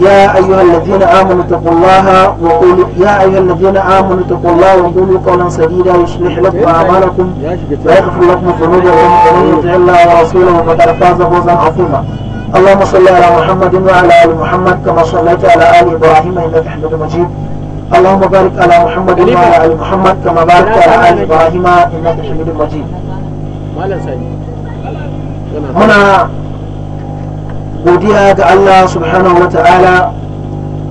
يا أيها الذين آمنوا اتقوا الله وقولوا يا أيها الذين آمنوا اتقوا الله وقولوا قولا سديدا يصلح لكم أعمالكم ويغفر لكم ذنوبكم ومن يطع الله ورسوله فقد فاز فوزا عظيما اللهم صل على محمد وعلى آل محمد كما صليت على آل إبراهيم إنك حميد مجيد اللهم بارك على محمد وعلى آل محمد كما باركت على آل إبراهيم إنك حميد مجيد منا godiya ga Allah subhanahu wa ta'ala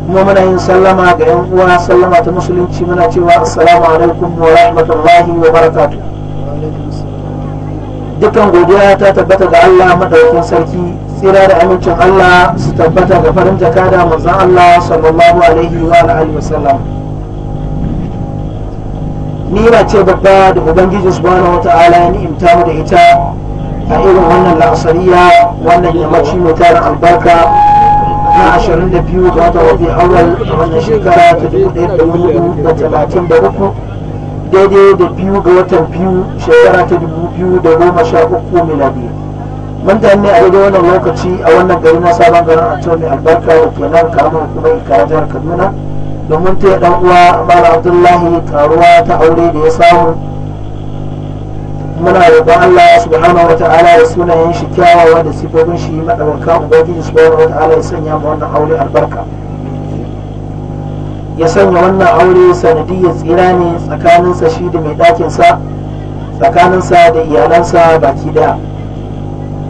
kuma muna yin sallama ga yan uwa sallama ta musulunci muna cewa assalamu alaikum wa rahmatullahi wa barakatu dukkan godiya ta tabbata ga Allah madaukin sarki tsira da amincin Allah su tabbata ga farin jaka da manzon Allah sallallahu alaihi wa alihi wasallam ni na ce babba da ubangiji subhanahu wa ta'ala ya ni'imta mu da ita a irin wannan la'asariya wannan yammaci mai tara albarka na ashirin da biyu ga wata wafi awal a wannan shekara ta da da talatin uku daidai da biyu ga watan biyu shekara ta dubu biyu da goma uku miladi mun da ne a yi wannan lokaci a wannan gari na sabon garin antoni albarka da ke nan karamar kuma ikara jihar kaduna domin ta yi ɗan uwa mara abdullahi karuwa ta aure da ya samu muna roƙon Allah subhanahu wa ta'ala suna yin shi kyawawa da sifofin shi madawaka ubangiji subhanahu wa ta'ala ya sanya ma wannan aure albarka ya sanya wannan aure sanadiyyar tsira ne tsakaninsa shi da mai ɗakinsa tsakaninsa da iyalansa baki daya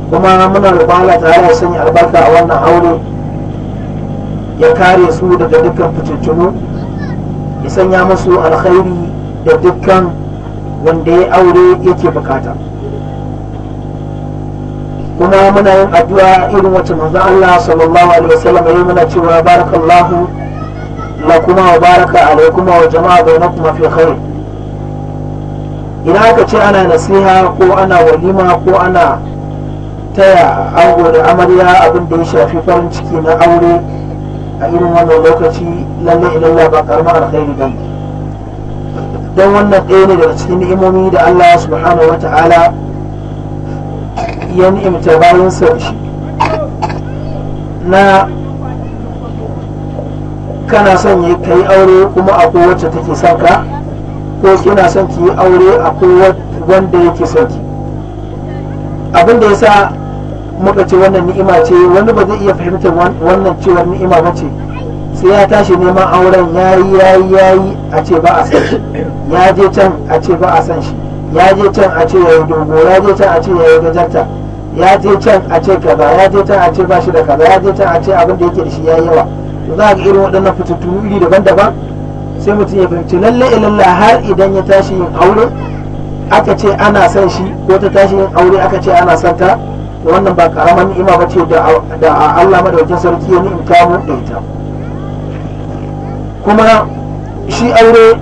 kuma muna roƙon Allah ta'ala ya sanya albarka a wannan aure ya kare su daga dukkan fitintunu ya sanya musu alkhairi da dukkan wanda ya aure yake bukata kuma muna yin addu'a irin wacce manzo Allah sallallahu alaihi wasallam ya muna cewa barakallahu lakuma wa baraka alaikum wa jama'a bainakum fi khair idan aka ce ana nasiha ko ana walima ko ana taya ango da amarya abin da ya shafi farin ciki na aure a irin wannan lokaci lalle ilalla ba karamar alkhairi bane don wannan ɗaya ne daga cikin ni'imomi da Allah subhanahu wa ta'ala ya ni'imta bayan da shi na kana son ka yi aure kuma a wacce take son ka ko kina son ki yi aure a wanda yake son ki abin da yasa muka ce wannan ni'ima ce wani ba zai iya fahimtar wannan cewar ni'ima ba ce sai ya tashi neman auren ya ya yi yi ya yi a ce ba a san shi ya je can a ce ba a san shi ya je can a ce yayi dogo ya je can a ce yayi gajarta ya je can a ce kaza ya je can a ce ba shi da kaza ya je can a ce abin da yake da shi yi yawa to za ga irin waɗannan fitattun iri daban-daban sai mutum ya fahimci lalle ilalla har idan ya tashi yin aure aka ce ana son shi ko ta tashi yin aure aka ce ana son ta wannan ba karaman ni'ima ba ce da Allah wajen sarki ya ni'imta mu da ita kuma shi aure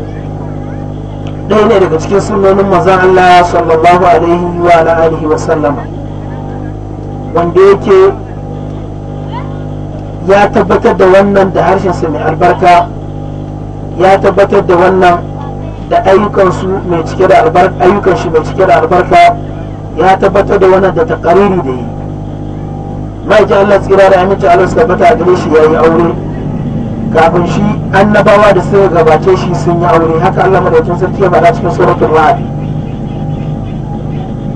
ɗaya ne daga cikin sunanin mazan Allah sallallahu alaihi wa alihi wa sallama wanda yake ya tabbatar da wannan da harshensa mai albarka ya tabbatar da wannan da ayyukansu mai cike da albarka ayyukan shi mai cike da albarka ya tabbatar da wannan da takariri da yi ma'aikin Allah tsira da aminci Allah suka bata gare shi ya yi aure kafin shi annabawa da suka gabace shi sun yi aure haka Allah madaukakin sarki ya faɗa cikin suratul ra'd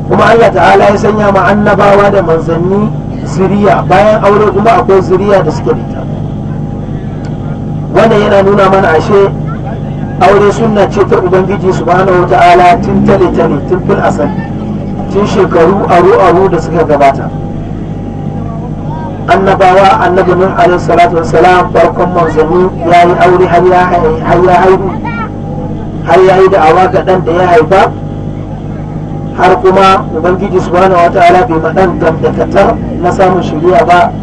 kuma Allah ta'ala ya sanya ma annabawa da manzanni zuriya bayan aure kuma akwai zuriya da suke da wannan yana nuna mana ashe aure sunna ce ta ubangiji subhanahu wata'ala tun tale tale tun fil asali tun shekaru aro aro da suka gabata annabawa annabi nuh alaihi salatu wassalam farkon manzanni ya yi aure har ya haihu har ya yi da ga dan da ya haifa har kuma ubangiji subhanahu wa ta'ala bai madan gamdakatar na samun shiriya ba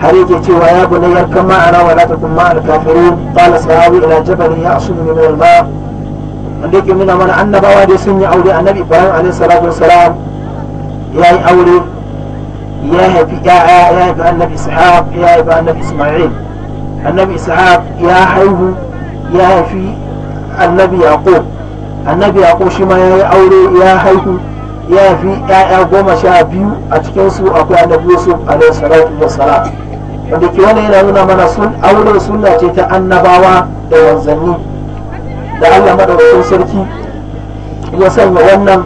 har yake cewa ya bunai yarkan ma'ana wa la takun ma'al kafirin qala sahabi ila jabal ya'sun min al-ma wanda yake nuna mana annabawa dai sun yi aure annabi ibrahim alaihi salatu wassalam ya yi aure يا نبي يا يا النبي إسحاق يا النبي إسماعيل النبي إسحاق يا حيه يا في النبي يعقوب النبي يعقوب شما يا أوري يا حيه ya fi ‘ya'ya goma sha biyu a cikinsu akwai annabi yusuf alaihi salatu wassalam wanda ke wani yana nuna mana sun aure sunna ce ta annabawa da wanzanni da allah madaukakin sarki ya sanya wannan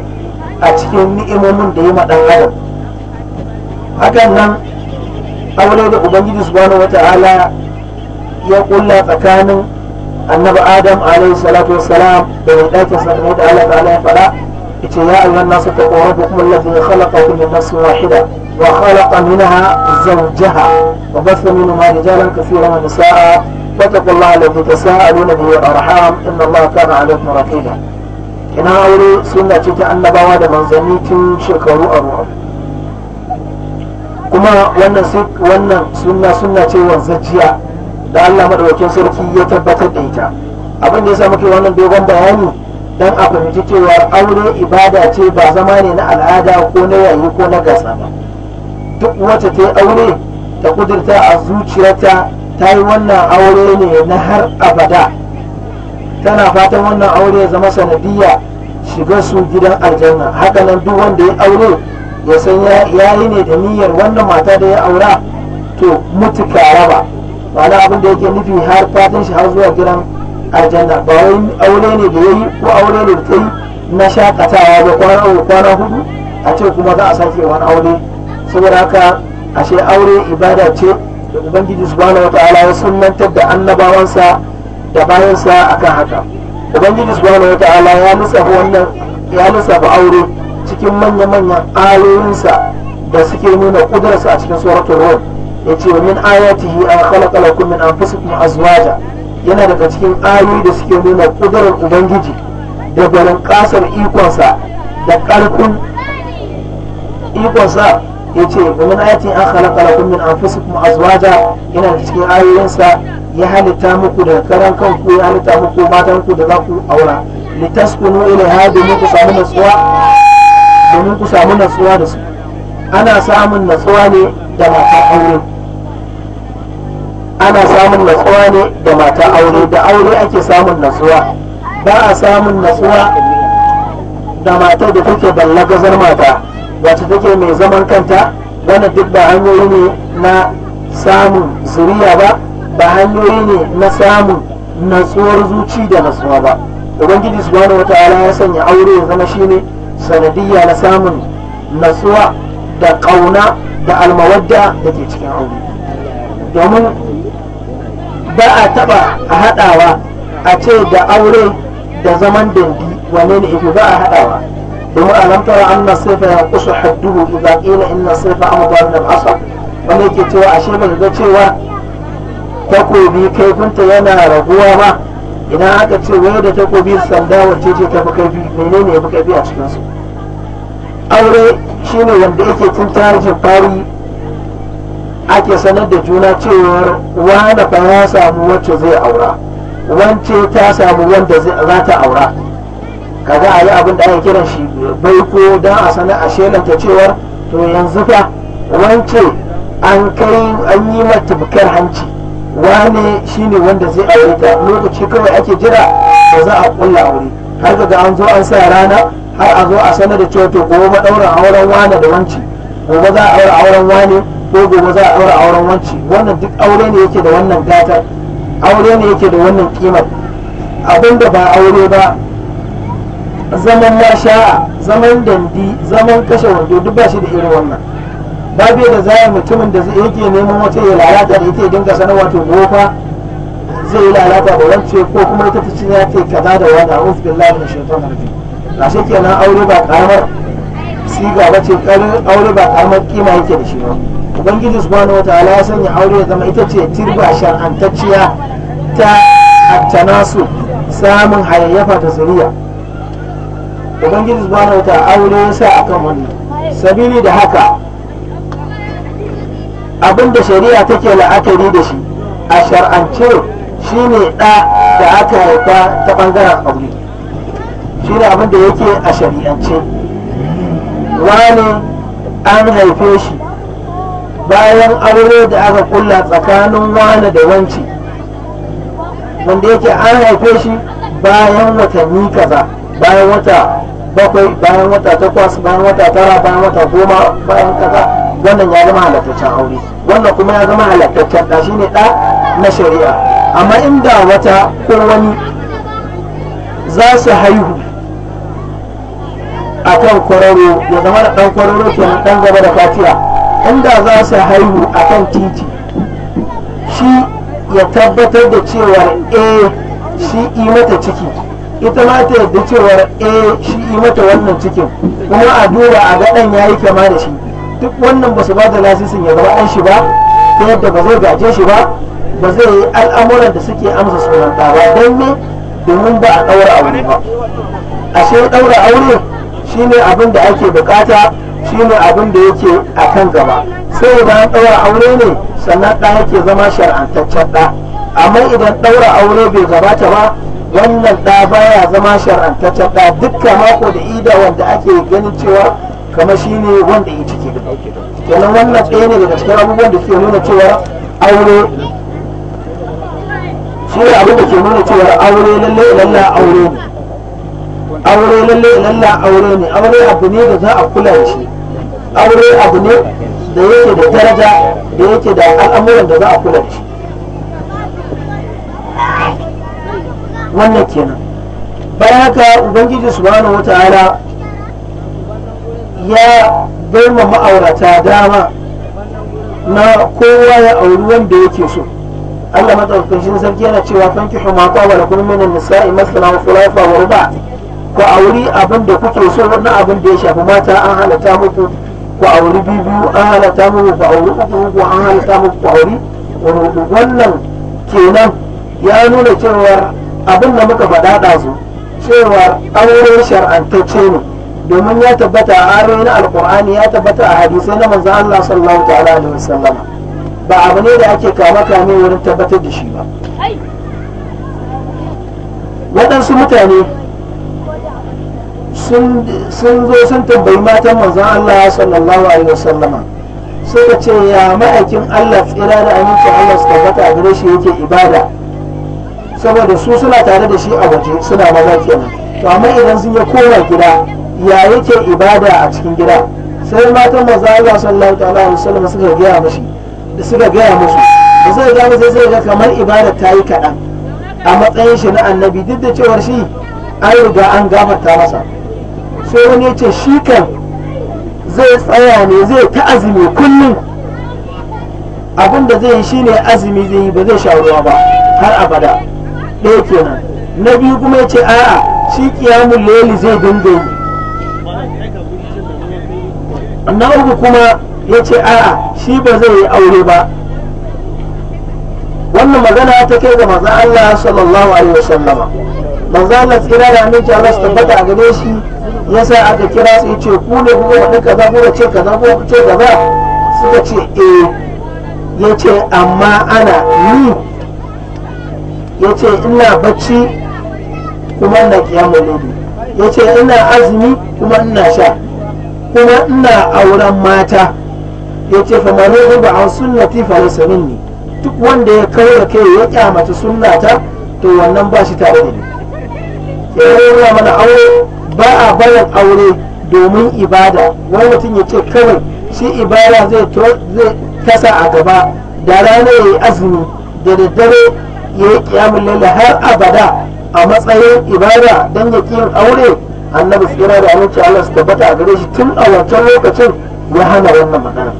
a cikin ni'imomin da ya maɗan adam hakan nan aure da ubangiji subhanahu wata'ala ya kulla tsakanin annabi adam alaihi salatu wassalam da mai ɗakin subhanahu wata'ala ta'ala ya faɗa ita ya ayyuhan nasu ta ƙorafi kuma lafi khalaqakum min nafsin wahida وخلق منها زوجها وبث منهما رجالا كثيرا ونساء واتقوا الله الذي تساءلون به والارحام ان الله كان عليكم رقيبا. ina aure suna ce ta annabawa da manzanni tun shekaru aru kuma wannan wannan sunna sunna ce wanzajiya da Allah madaukakin sarki ya tabbatar da ita abin da yasa muke wannan dogon bayani dan a fahimci cewa aure ibada ce ba zama ne na al'ada ko na yayi ko na gasa ba duk wacce ta yi aure ta kudurta a zuciyarta ta yi wannan aure ne na har abada tana fatan wannan aure ya zama sanadiyya shiga su gidan aljanna Haka nan duk wanda ya aure ya san ya yi ne da niyyar wannan mata da ya aura to mutu raba ba abin da yake nufi har fatan shi har zuwa gidan aljanna ba wai aure ne da ya yi ko aure ne da ta yi na shakatawa da kwana uku kwana hudu a ce kuma za a sake wani aure saboda haka ashe aure ibada ce da ubangiji subhanahu wataala ya sunnantar da annabawansa da bayansa akan haka ubangiji subhanahu wataala ya lissafa wannan ya lissafa aure cikin manya-manyan ayoyinsa da suke nuna kudurarsa a cikin suratul rum ya ce min ayatihi an khalaqa lakum min anfusikum azwaja yana daga cikin ayoyi da suke nuna kudurar ubangiji da barin kasar ikonsa da ƙarfin ikonsa ya ce min ayatihi an khalaqa lakum min anfusikum azwaja yana daga cikin ayoyinsa ya halitta muku daga karan kanku ya halitta muku matanku da za ku aura litaskunu ilaiha domin ku samu natsuwa domin ku samu natsuwa da su ana samun natsuwa ne da mata aure ana samun natsuwa ne da mata aure da aure ake samun natsuwa ba a samun natsuwa da mata da take balla gazar mata wacce take mai zaman kanta wanda duk ba hanyoyi ne na samun zuriya ba ba hanyoyi ne na samun natsuwar zuci da natsuwa ba ubangiji subhanahu ta'ala ya sanya aure ya zama shine sanadiyya na samun natsuwa da ƙauna da almawadda da ke cikin aure domin ba a taɓa a haɗawa a ce da aure da zaman dandi wane ne iku ba a haɗawa domin a nan tara an nasifa ya kusa hadduhu idza qila in nasifa am dawal al asr wani yake cewa ashe ba ga cewa takobi kaifinta yana raguwa ba idan aka ce wai da takobi sanda wacce ce ta fi kaifi menene ya fi kaifi a cikinsu aure shine wanda yake tun tarihin fari ake sanar da juna cewar wane ba ya samu wacce zai aura wance ta samu wanda za ta aura kaga a yi abin da ake kiran shi baiko don a sanar a shelanta cewar to yanzu fa wance an kai an yi mata hanci wane shine wanda zai aure ta lokaci kawai ake jira da za a kulla aure har ga an zo an sa rana har a zo a sanar da cewa to gobe ɗaurin auren wane da wanci gobe za a aure auren wane ko gobe za a aure auren wanci wannan duk aure ne yake da wannan gata aure ne yake da wannan kimar abinda ba aure ba zaman ya zaman dandi zaman kashe wando duk ba shi da irin wannan babu da zai mutumin da yake neman wata ya lalata da ita ya dinga sanar wato gofa zai yi lalata da wance ko kuma ita ta ci ya ce kaza da wani a ufbin lalata shaitan harbi a shi kenan aure ba karamar siga ba ce aure ba karamar kima yake da shi ba ubangiji subhanahu wataala ya sanya aure ya zama ita ce tirba shar'antacciya ta attanasu samun hayayyafa ta zuriya ubangiji subhanahu wataala aure ya sa akan wannan sabili da haka abinda shari'a take la'akari da shi a shar'ance shine ɗa da aka haifa ta ɓangaren aure shi ne abin da yake a shari'ance wani an haife shi bayan aure da aka kulla tsakanin wani da wanci wanda yake an haife shi bayan watanni kaza bayan wata bakwai bayan wata takwas bayan wata tara bayan wata goma bayan kaza wannan ya zama halattaccen aure wannan kuma ya zama halattaccen ɗa shi ne ɗa na shari'a amma inda wata ko wani za su haihu a kan kwararo ya zama da ɗan kwararo kenan ɗan gaba da fatiya inda za su haihu a kan titi shi ya tabbatar da cewar a eh, shi yi mata ciki ita ma ta yadda cewar a eh, shi yi mata wannan cikin kuma a duba a gaɗan ya yi kama da shi duk wannan ba su ba da lasisin ya zama ɗan shi ba ta yadda ba zai gaje shi ba ba zai yi al'amuran da suke amsa sunan ba don me domin ba a ɗaura aure ba ashe ɗaura aure shine abin da ake bukata shine abin da yake a kan gaba sai idan an ɗaura aure ne sannan ɗan yake zama shar'antaccen ɗa amma idan ɗaura aure bai gabata ba wannan ɗa baya zama shar'antaccen ɗa dukkan mako da ida wanda ake ganin cewa kamar shine wanda ya ciki da wannan ɗaya ne daga cikin abubuwan da ke nuna cewa aure shi ne abin da ke nuna cewa aure lallai lallai aure ne aure lalle lalla aure ne aure abu ne da za a kula da shi aure abu ne da yake da daraja da yake da al'amuran da za a kula da shi wannan kenan bayan haka ubangiji subhanahu wata'ala ya baima ma'aurata dama na kowa ya auri wanda yake so Allah madaukakin sarki yana cewa fanki huma qawla kun minan nisa'i masna wa thulatha wa ruba' ku auri abin da kuke so wannan abin da ya shafi mata an halatta muku ku auri biyu an halatta muku ku auri uku uku an halatta muku ku auri wani wannan kenan ya nuna cewa abin da muka faɗa ɗazu cewa aure shar'antacce ne domin ya tabbata a na alkur'ani ya tabbata a hadisai na manzan Allah sallallahu ta'ala alaihi wasallam ba abu ne da ake kama kame wurin tabbatar da shi ba waɗansu mutane sun zo sun tabbai matan manzon Allah sallallahu alaihi wasallama suka ce ya ma'aikin Allah tsira da aminci Allah su tabbata a gare shi yake ibada saboda su suna tare da shi a waje suna maza kenan to amma idan sun ya koma gida ya yake ibada a cikin gida sai matan manzon Allah sallallahu alaihi wasallama suka gaya mashi da suka gaya musu da suka gaya musu sai ga kamar ibada ta yi kaɗan a matsayin shi na annabi duk da cewar shi an riga an gafarta masa sai wani ya ce shi kan zai tsaya ne zai ta azumi kullum abin da zai yi shine azumi zai yi ba zai sha ruwa ba har abada ɗaya kenan na biyu kuma ya ce a'a shi kiyamun leli zai dinga yi na uku kuma ya ce a'a shi ba zai yi aure ba wannan magana ta kai ga maza Allah sallallahu alaihi wasallama manzo Allah tsira da aminci Allah su tabbata a gare shi yasa aka kira su ce ku ne ku wani kaza ku ce kaza ko ce kaza suka ce eh yace amma ana ni yace ina bacci kuma ina kiyamul ya yace ina azumi kuma ina sha kuma ina auren mata yace fa man ba an sunnati fa laysa minni duk wanda ya kaura kai ya kyamata sunnata to wannan ba shi tare da ni ya nuna mana aure ba a bayan aure domin ibada wani mutum ya ce kawai shi ibada zai tasa a gaba da rana ya yi azumi da daddare ya yi kiyamun lalle har abada a matsayin ibada don ya yin aure annabi tsira da aminci Allah su tabbata a gare shi tun a wancan lokacin ya hana wannan magana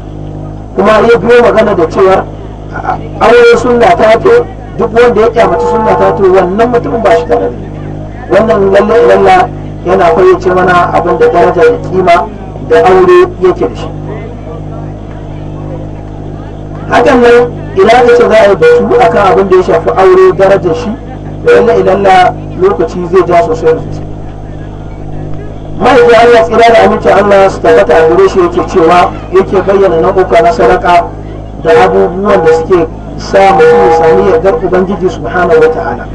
kuma ya biyo magana da cewa aure sunna ta to duk wanda ya kyamata sunna ta to wannan mutumin ba shi tare da wannan lalle ilalla yana fayyace mana abin da daraja da kima da aure yake da shi hakan nan ina da ce za a yi batu akan abin da ya shafi aure darajar shi da lalle ilalla lokaci zai ja sosai da sosai ma'aikin allah tsira da amincin allah su tabbata a gure shi yake cewa yake bayyana na'uka na sadaka da abubuwan da suke sa mutum ya sami yardar ubangiji subhanahu wa ta'ala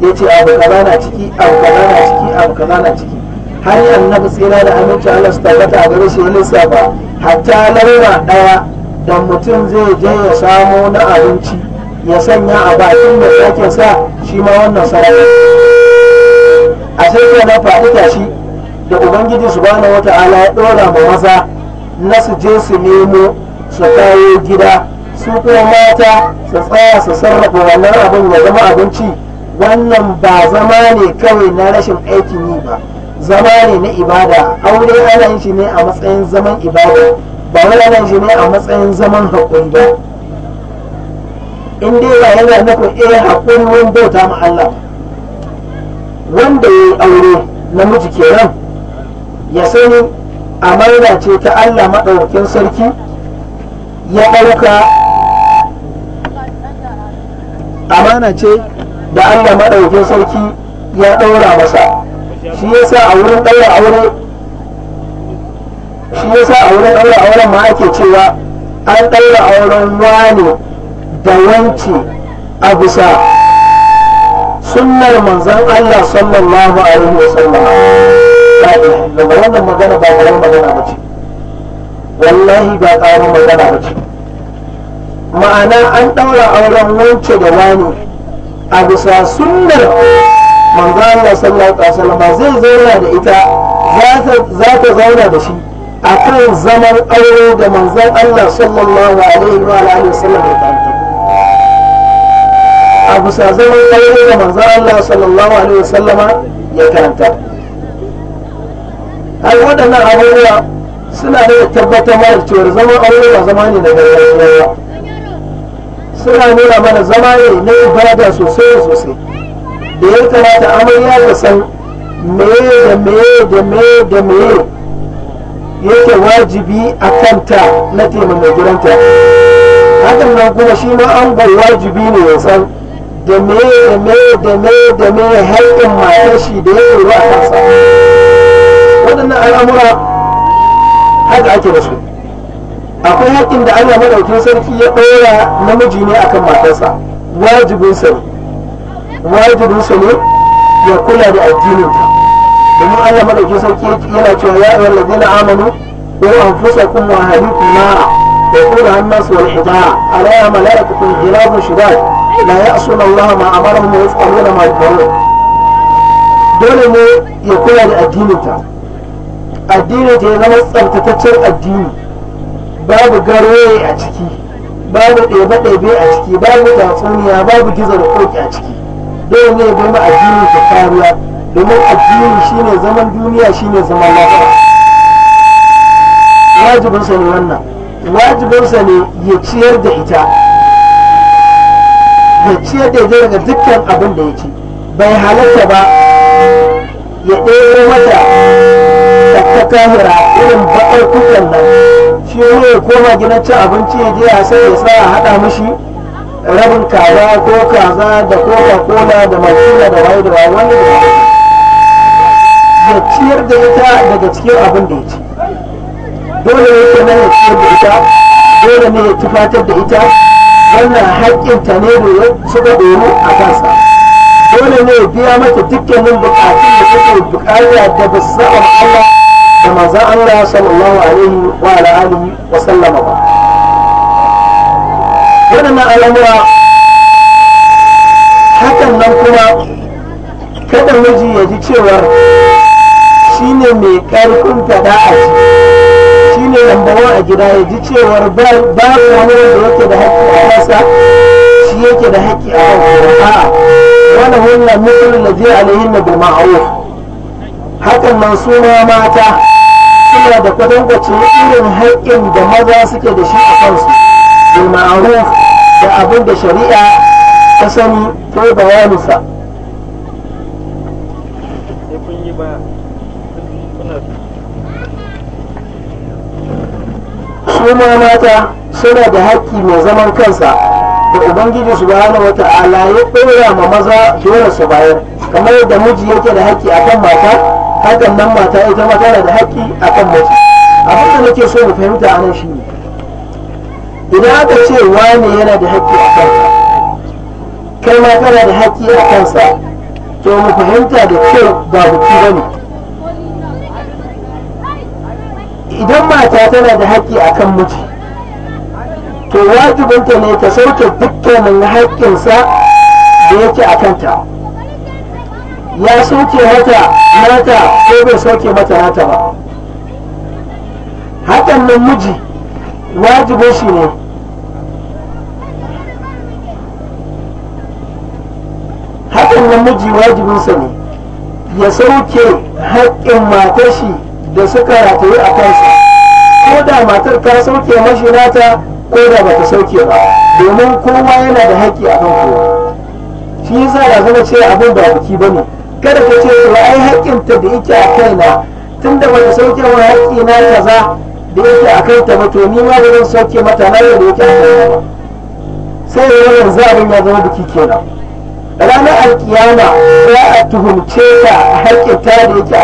ya ce abu kaza na ciki abu kaza na ciki abu kaza na ciki har annabi tsira da aminci Allah su tabbata a gare shi lissafa hatta laura daya da mutum zai je ya samo na abinci ya sanya a bakin da yake sa shi ma wannan sarari a sai na faɗi tashi da ubangiji subhanahu wata'ala ya ɗora ma maza na su je su nemo su kawo gida su kuma mata su tsaya su sarrafa wannan abin ya zama abinci wannan ba zama ne kawai na rashin aikin yi ba zama ne na ibada aure ana yin shi ne a matsayin zaman ibada ba wai ana shi ne a matsayin zaman haƙuri ba in dai yana nufin eh haƙuri wani bauta ma Allah wanda ya yi aure namiji kenan ya sani amana ce ta Allah maɗaukin sarki ya ɗauka amana ce da Allah maɗaukin sarki ya ɗaura masa shi yasa a wurin ɗaura aure shi yasa a wurin ɗaura auren ma ake cewa an ɗaura auren wani da wanci a bisa sunnar manzon Allah sallallahu alaihi wasallam daga wannan magana ba ƙaramin magana ba ce wallahi ba ƙarin magana ba ce ma'ana an ɗaura auren wance da wani a bisa sunnar manzo Allah sallallahu alaihi wasallam zai zauna da ita za ta zauna da shi a kan zaman aure da manzo Allah sallallahu alaihi wa alihi wasallam ya karanta. a bisa zaman aure da manzo Allah sallallahu alaihi wasallam ya karanta. ai waɗannan abubuwa suna da tabbatar mana cewa zaman aure ba zama ne daga gargajiya suna nuna mana zama ne na ibada sosai sosai da ya kamata amarya ka san meye da meye da meye da meye yake wajibi a kanta na taimaka gidanta hakan nan kuma shi ma an wajibi ne ya san da meye da meye da meye da meye haƙƙin matar shi da ya tsoro a kansa waɗannan al'amura haka ake da su akwai haƙƙin da Allah madaukin sarki ya ɗora namiji ne akan matarsa wajibinsa ne wajibinsa ne ya kula da addininta domin Allah madaukin sarki yana cewa ya ayyuhal ladina amanu qu anfusakum wa ahlikum nara وقولها الناس والحجارة عليها ملائكة غلاب شداد لا يعصون الله ما أمرهم ويفعلون ma يكرهون dole ne ya kula da addininta addininta ya zama tsabtataccen addini babu garwaye a ciki babu ɗebe-ɗebe a ciki babu tatsuniya babu gizo da ƙoƙi a ciki dole ne bai ma addini ta kariya domin addini shine zaman duniya shine zaman lafiya wajibinsa ne wannan wajibinsa ne ya ciyar da ita ya ciyar da ita daga dukkan abin da ya ci bai halatta ba ya ɗaya mata da ta kahira irin baƙar kukan nan shi ya koma gidan cin abinci ya je a sai ya sa a haɗa mashi rabin kaza ko kaza da coca cola da martina da waye da waye wanda ya ciyar da ita daga cikin abin da ya ci dole ne ke nan ya ciyar da ita dole ne ya tufatar da ita wannan ta ne da suka ɗoro a kansa dole ne ya biya mata dukkanin bukatun da suke bukata da sa'ar Allah da manzon Allah sallallahu alaihi wa alihi wa sallama ba waɗannan al'amura hakan nan kuma kada miji ya ji cewa shi ne mai karfin fada a ji shi ne lambawa a gida ya ji cewar ba wani da yake da haƙƙi a kansa shi yake da haƙƙi a kansa ولهن النور الذي عليهن بالمعروف hakan nan suna mata suna da kwatankwacin irin haƙƙin da maza suke da shi a kansu bil ma'ruf da abin da shari'a ta sani ta bayaninsa suna mata suna da haƙƙi mai zaman kansa da ubangiji wata ala ya ɗora ma maza dole su bayar kamar yadda miji yake da haƙƙi akan mata hakan nan mata ita ma tana da haƙƙi akan miji abin da nake so mu fahimta a nan shine idan aka ce wane yana da haƙƙi a kanka kai ma kana da haƙƙi a kansa to mu fahimta da kyau ba buki ba ne idan mata tana da haƙƙi akan miji to wajibinta ne ta sauke dukkanin haƙƙinsa da yake a kanta ya sauke mata mata ko bai sauke mata nata ba hakan nan miji wajibin shi ne hakan nan miji wajibinsa ne ya sauke haƙƙin matar shi da suka rataye a kansa ko da matar ka sauke mashi nata ko da bata sauke ba domin kowa yana da haƙƙi a kan kowa shi yasa ba zama ce abin ba biki ba ne kada ka ce ba ai ta da yake a kaina tunda bata sauke wa haƙƙi na kaza da yake a ta ba to ni ma ba zan sauke mata na da yake a kaina ba sai ya yanzu abin ya zama biki kenan ranar alkiyama za a tuhumce ta da yake a ta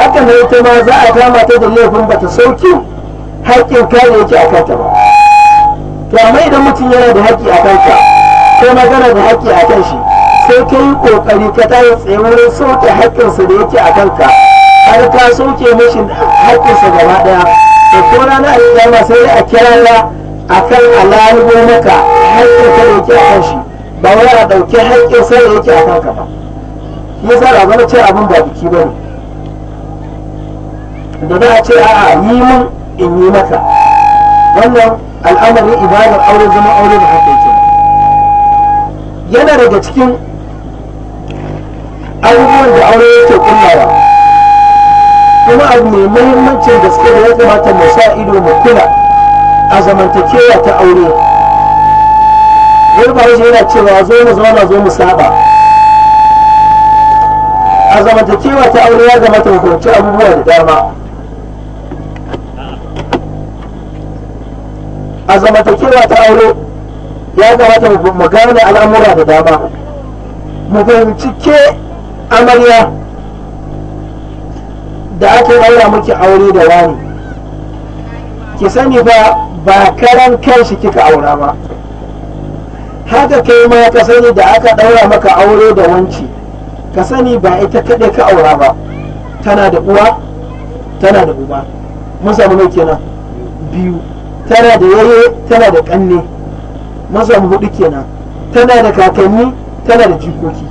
haka da ita ma za a kama ta da laifin bata sauke haƙƙin yake a kanta ba to amma idan mutum yana da haƙƙi a kanka ko magana da haƙƙi a kan shi sai ka yi ƙoƙari ka tayi tsaye wurin sauke haƙƙinsa da yake a kanka har ka sauke mashi haƙƙinsa gaba ɗaya da ko na a sai a kira ya a kan alalibo maka haƙƙin ka da yake a kan shi ba wai a ɗauki haƙƙin sa da yake a kanka ba yasa da zama ce abin ba biki ba ne da za a ce a'a yi mun in yi maka, wannan al'amarin ibadar aure zama aure da haka yake yana daga cikin abubuwan da aure yake kullawa kuma abu mai muhimmancin da gaske da ya kamata mu sa ido mu kula a zamantakewa ta aure wani yana cewa zo mu zama, zo mu saba a zamantakewa ta aure ya zama ta hukunci abubuwa da dama a zamantakewa ta aure ya kamata mu gane al'amura da dama mu fahimci ke amarya da aka aura miki aure da wani ki sani ba ba karan kanshi kika aura ba haka kai ma ka sani da aka daura maka aure da wanci ka sani ba ita kaɗai ka aura ba tana da uwa tana da uba mun samu kenan biyu tana da yaye tana da kanne mazamu hudu kenan tana da kakanni tana da jikoki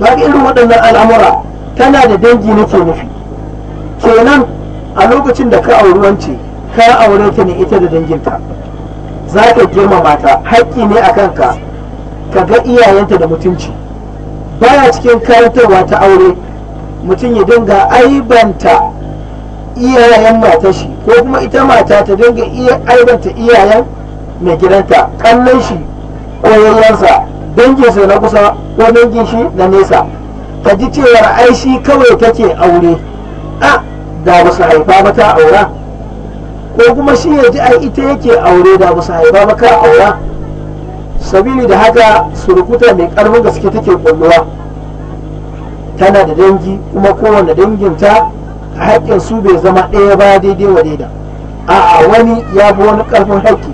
ba irin waɗannan al'amura tana da dangi nake nufi kenan a lokacin da ka auri wance ka aure ta ne ita da danginta za ka girmama mata, haƙƙi ne a kanka ka ga iyayenta da mutunci baya cikin karantarwa ta aure mutum ya dinga aibanta iyayen matar ko kuma ita mata ta dinga iya aibanta iyayen mai gidanta kallon shi ko yayyansa danginsa na kusa ko dangin shi na nesa ka ji cewar ai shi kawai take aure a da ba su haifa ba ta aura ko kuma shi ya ji ai ita yake aure da ba su haifa ba ka aura sabili da haka surukuta mai karfin gaske take kwallowa tana da dangi kuma kowane danginta haƙƙin su bai zama ɗaya ba daidai wa daida a'a wani ya fi wani ƙarfin haƙƙi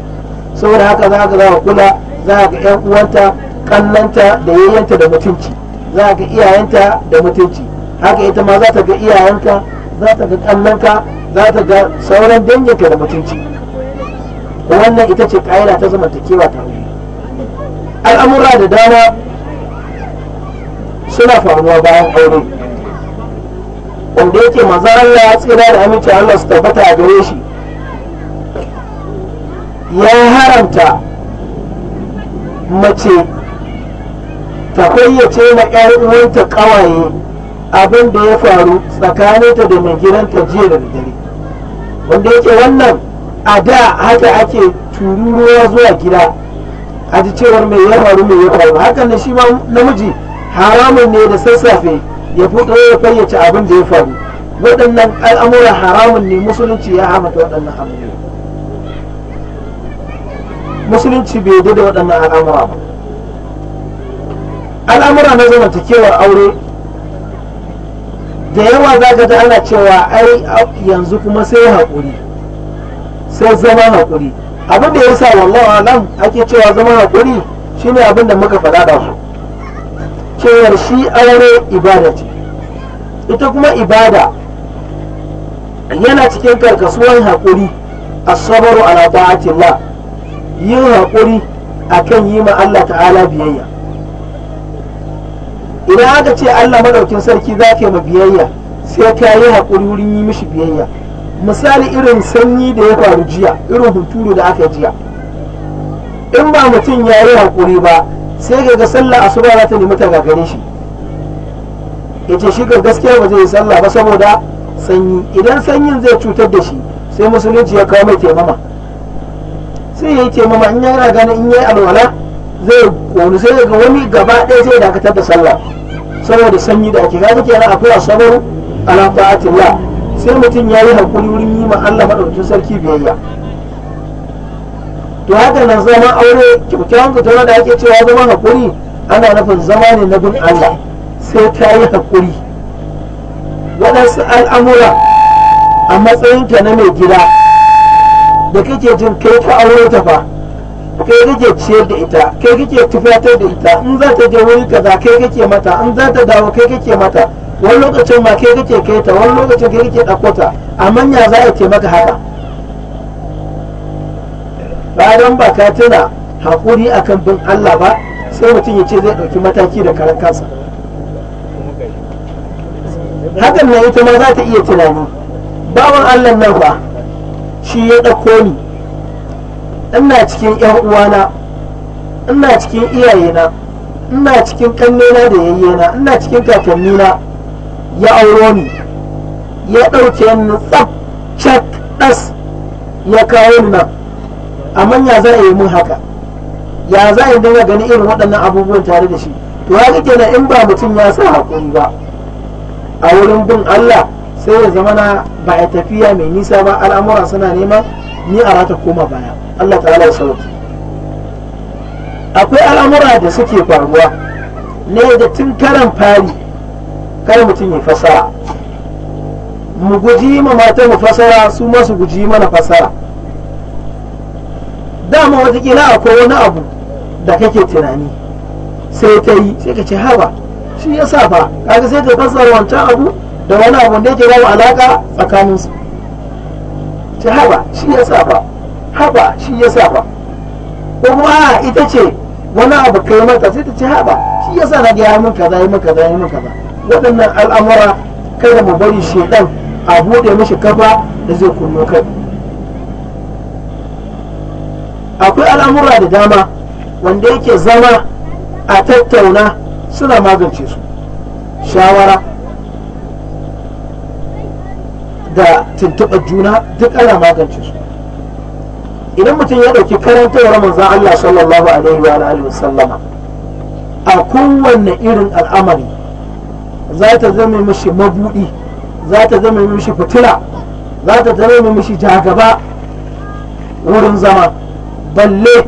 saboda haka za ka za ka kula za ka ƴan uwanta kallanta da yayyanta da mutunci za ka iyayenta da mutunci haka ita ma za ta ga iyayenka za ta ga kallanka za ta ga sauran danginka da mutunci wannan ita ce ƙa'ida ta zamantakewa ta wuri al'amura da dama suna faruwa bayan aure wanda yake manzon Allah ya tsira da aminci Allah su tabbata a gare shi ya haramta mace ta kwayyace na ƴar uwanta ƙawaye abin da ya faru tsakaninta da mai gidanta jiya da dare wanda yake wannan a da haka ake tururuwa zuwa gida a ji cewar mai ya faru mai ya faru hakan da shi ma namiji haramun ne da sassafe ya fito ya fayyace abin da ya faru waɗannan al'amura haramun ne musulunci ya haramta waɗannan al'amura musulunci bai yarda da waɗannan al'amura ba al'amura na zamantakewar aure da yawa za ka ji ana cewa ai yanzu kuma sai haƙuri sai zama haƙuri abin da ya sa wallawa nan ake cewa zama haƙuri shine abin da muka faɗa da su cewar shi aure ibada ce ita kuma ibada yana cikin karkasuwan haƙuri a sabaru ala ta'atillah yin haƙuri a kan yi ma Allah ta'ala biyayya idan aka ce Allah Maɗaukin sarki za ka yi ma biyayya sai ka yi haƙuri wurin yi mishi biyayya misali irin sanyi da ya faru jiya irin hunturu da aka jiya in ba mutum ya yi haƙuri ba sai ga ga sallah asuba za ta nemi ta gagare shi ita shi ga gaskiya ba zai yi sallah ba saboda sanyi idan sanyin zai cutar da shi sai musulunci ya kawo mai taimama sai ya yi taimama in yana gane in ya yi alwala zai konu sai ga wani gaba ɗaya zai dakatar da sallah saboda sanyi da ake gani kenan akwai sabon ala ta'atillah sai mutum ya yi hakuri wurin yi ma Allah sarki biyayya to haka nan zaman aure kyakkyawan zato da ake cewa zama hakuri ana nufin zama ne na bin Allah sai ta yi hakuri waɗansu al'amura a matsayinta na mai gida da kake jin kai ka aure ta fa kai kake ciyar da ita kai kake tufatar da ita in za ta je wuri kaza kai kake mata in za ta dawo kai kake mata wani lokacin ma kai kake kai ta wani lokacin kai kake ɗauko ta amma ya za a ce maka haka bayan ba ka tuna haƙuri akan bin Allah ba sai mutum ya ce zai ɗauki mataki da karan kansa hakan na ita ma za ta iya tunani bawan Allah nan ba shi ya ɗauko ni ina cikin yan uwana ina cikin iyayena ina cikin kannena da yayyena ina cikin kakannina ya auro ni ya ɗauke ni tsaf cek ɗas ya kawo ni nan amma ya za a yi mun haka ya za a yi dinga gani irin waɗannan abubuwan tare da shi to ya ga kenan in ba mutum ya sa haƙuri ba a wurin bin Allah sai ya zama na ba a tafiya mai nisa ba al'amura suna neman ni a rata koma baya Allah ta ala sauki akwai al'amura da suke faruwa ne da tun karan fari kai mutum ya fasara mu guji ma mata mu fasara su ma su guji mana fasara dama watakila akwai wani abu da kake tunani sai ta yi sai ka ce haba shi ya sa fa kaga sai ka fassara wancan abu da wani abu da yake babu alaka tsakanin su ce haba shi ya sa fa haba shi ya sa fa ko kuma ita ce wani abu kai mata sai ta ce haba shi ya sa na ga ya min kaza ya maka kaza ya min kaza waɗannan al'amura kada mu bari shedan a buɗe mishi kafa da zai kunno kai akwai al'amura da dama wanda yake zama a tattauna suna magance su shawara da tuntuɓar juna duk ana magance su idan mutum ya ɗauki ramin, za'a Allah sallallahu alaihi wa alihi sallama a kowanne irin al'amari za ta zama mishi mabuɗi za ta zama mishi fitila za ta zama mishi jagaba wurin zama balle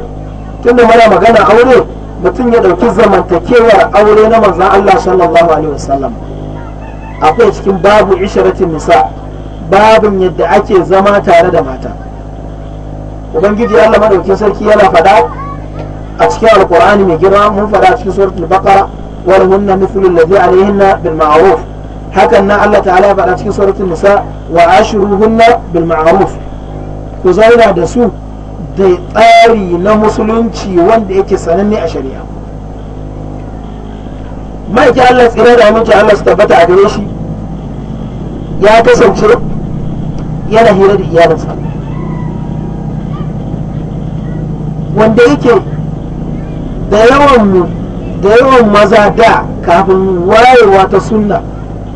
tunda muna magana aure mutum ya ɗauki zamantakewar aure na manzan Allah sallallahu alaihi wasallam akwai cikin babu isharatin nisa babin yadda ake zama tare da mata ubangiji Allah madaukin sarki yana faɗa a cikin alkur'ani mai girma mun faɗa cikin suratul baqara wal hunna mithlu alladhi alayhinna bil ma'ruf hakan nan Allah ta'ala ya faɗa cikin suratul nisa wa ashruhunna bil ma'ruf ku zauna da su tsari na musulunci wanda yake sananne a shari'a ma'aikin allah tsira da aminci allah su tabbata a gare shi ya kasance yana hira da iyalinsa wanda yake da yawan mu da yawan maza da kafin wayewa ta sunna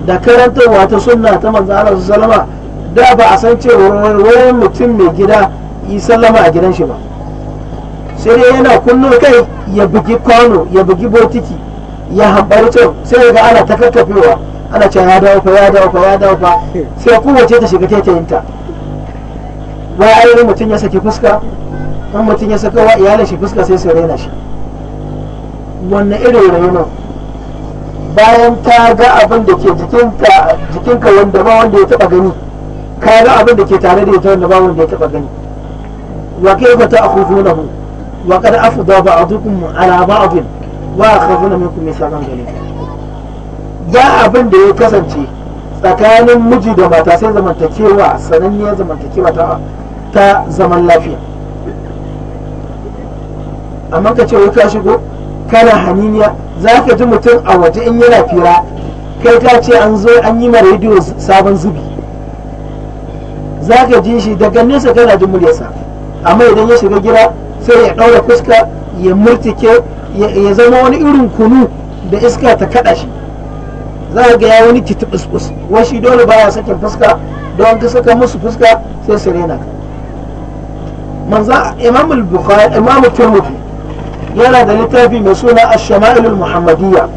da karantarwa ta sunna ta manzo Allah da ba a san cewa wani mutum mai gida yi sallama a gidan shi ba sai dai yana kunno kai ya bugi kwano ya bugi botiki ya hambar can sai ga ana ta kakkafewa ana cewa ya dawo fa ya dawo fa ya dawo fa sai kowace ta shiga taitayinta ba ainihin mutum ya saki fuska in mutum ya saka wa iyalin shi fuska sai su raina shi wannan irin rainon bayan ta ga abin da ke jikinka wanda ba wanda ya taba gani ka ga abin da ke tare da ita wanda ba wanda ya taba gani wa kai ba ta akhuzunahu وقد أفضى بعضكم على بعض وأخذنا منكم ميثاقا غليظا يا أبن دي كسنتي tsakanin miji da mata sai zamantakewa sananniyar zamantakewa ta ta zaman lafiya amma ka ce ka shigo kana haniniya za ka ji mutum a waje in yana fira kai ka ce an zo an yi ma rediyo sabon zubi za ka ji shi daga nesa kana jin muryarsa amma idan ya shiga gida sai ya ɗaura fuska ya murtike ya zama wani irin kunu da iska ta kaɗa shi za ga ya wani washi dole baya sakin fuska don ka saka musu fuska sai su rena ka manza imam al-bukhari imam yana da littafi mai suna ash-shama'il al-muhammadiyya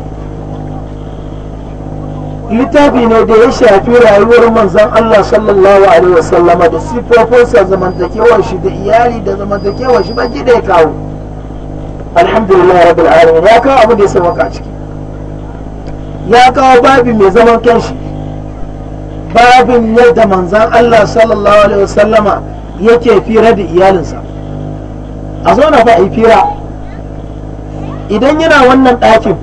littafi ne da ya shafi rayuwar manzan Allah sallallahu alaihi wasallama da siffofinsa zamantakewar shi da iyali da zamantakewar shi baki da ya kawo alhamdulillah rabbil alamin ya kawo abu da ya sauka a ciki ya kawo babi mai zaman kanshi babin yadda manzan Allah sallallahu alaihi wasallama yake fira da iyalinsa a zo na a yi fira idan yana wannan ɗakin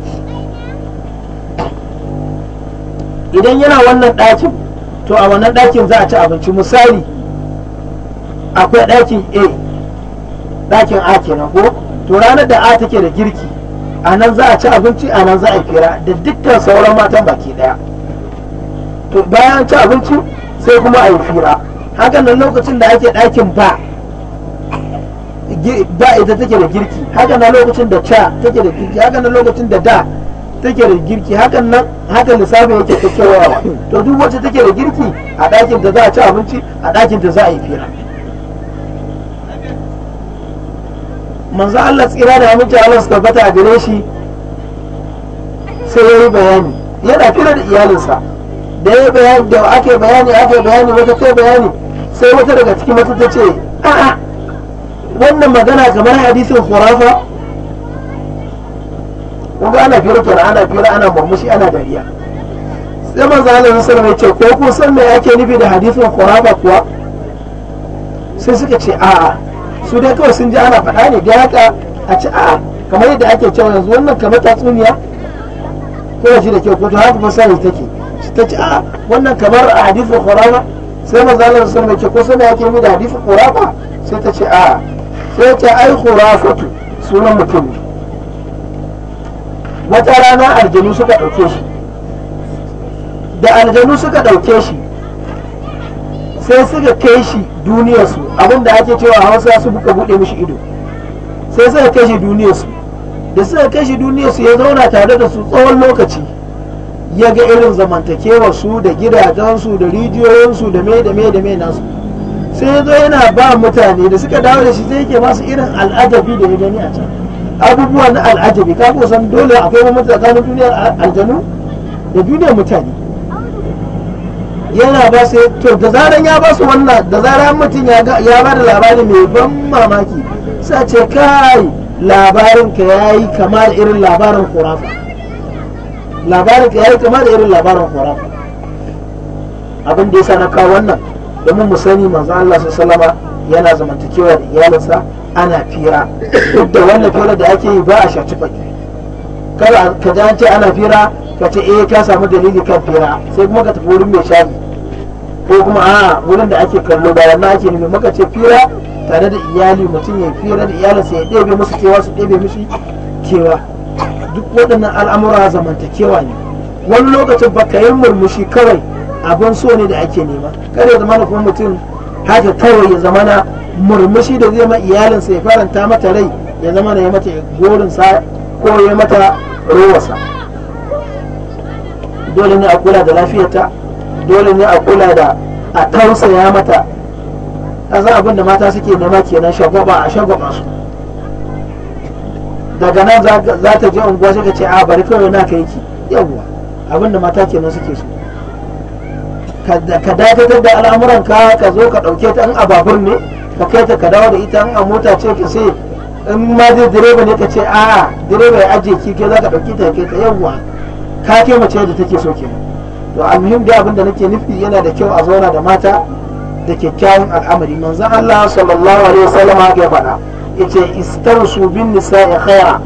idan yana wannan ɗakin to a wannan ɗakin za a ci abinci misali akwai ɗakin a ɗakin a kenan ko to ranar da a take da girki a nan za a ci abinci a nan za a fira da dukkan sauran matan baki ɗaya to bayan ci abinci sai kuma a yi fira hakan nan lokacin da ake ɗakin ba ba ita take da girki hakan na lokacin da ca take da girki hakan na lokacin da da take da girki hakan nan hakan lissafin yake ta kewayawa to duk wacce take da girki a ɗakin ta za a ci abinci a ɗakin ta za a yi fira manzo Allah tsira da aminci Allah suka bata a gare shi sai ya yi bayani yana fira da iyalinsa da ya bayani da ake bayani ake bayani wata ta bayani sai wata daga cikin mata ta ce a'a wannan magana kamar hadisin khurafa ko ga ana fira tona ana fira ana murmushi ana dariya sai manzo Allah sallallahu alaihi ce ko kun san me ake nufi da hadisin quraba kuwa sai suka ce a'a su dai kawai sun ji ana faɗa ne da haka a ci a'a kamar yadda ake cewa yanzu wannan kamar tatsuniya ko shi da kyau ko to haka fasari take ta ci a'a wannan kamar a hadisin quraba sai manzo Allah sallallahu alaihi ce ko san me ake nufi da hadisin quraba sai ta ce a'a sai ta ce ai khurafatu sunan mutum ne wata rana aljanu suka ɗauke shi da aljanu suka ɗauke shi sai suka kai shi duniyarsu abinda ake cewa hausa su buka buɗe mishi ido sai suka kai shi duniyarsu da suka kai shi duniyarsu ya zauna tare da su tsawon lokaci ya ga irin zamantakewarsu da gidajensu da rijiyoyinsu da mai da mai da mai nasu sai ya zo yana ba mutane da suka dawo da shi zai ke masu irin al'ajabi da ya gani a can abubuwa na al'ajabi ka ko san dole akwai bambanci tsakanin duniyar aljanu da duniyar mutane yana ba su to da zaran ya ba su wannan da zaran mutum ya ba da labari mai ban mamaki sa ce kai labarin ka yayi yi kamar irin labarin kurafa labarin ka yayi yi kamar irin labarin kurafa abin da sa na kawo wannan domin mu sani manzo Allah sallallahu alaihi yana zamantakewa da iyalinsa ana fira duk da wannan fira da ake yi ba a shaci baki kada ka ji an ce ana fira ka ce eh ka samu dalili kan fira sai kuma ka tafi wurin mai shayi ko kuma a wurin da ake kallo ba wannan ake nufi maka ce fira tare da iyali mutum ya fira da iyalinsa ya ɗebe musu kewa su ɗebe mishi kewa duk waɗannan al'amura zamantakewa ne wani lokacin ba ka yi murmushi kawai abin so ne da ake nema kada ya zama kuma mutum haka kawai ya zamana murmushi da zai ma iyalinsa ya faranta mata rai ya zama na ya mata gorinsa ko ya mata rowarsa dole ne a kula da lafiyarta dole ne a kula da a tausaya mata a za abin da mata suke nema kenan shagwaba a shagwaba su daga nan za ta je unguwa ka ce a bari kawai na ka ki yawwa abin da mata kenan suke so ka dakatar da al'amuranka ka zo ka ɗauke ta in a babur ne ka kai ta ka dawo da ita in a mota ce ka sai in ma zai direba ne ka ce a direba ya ajiye ki ke za ka ɗauki ta kai ta yawwa ka ke mace da take so ke to almuhim da abin da nake nufi yana da kyau a zauna da mata da kyakkyawan al'amari manzon Allah sallallahu alaihi wasallam ya faɗa yace su bin ya khaira